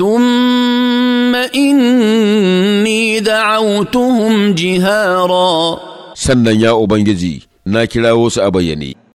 ثم إني دعوتهم جهارا سنن يا أبنجزي ناكلاوس أبيني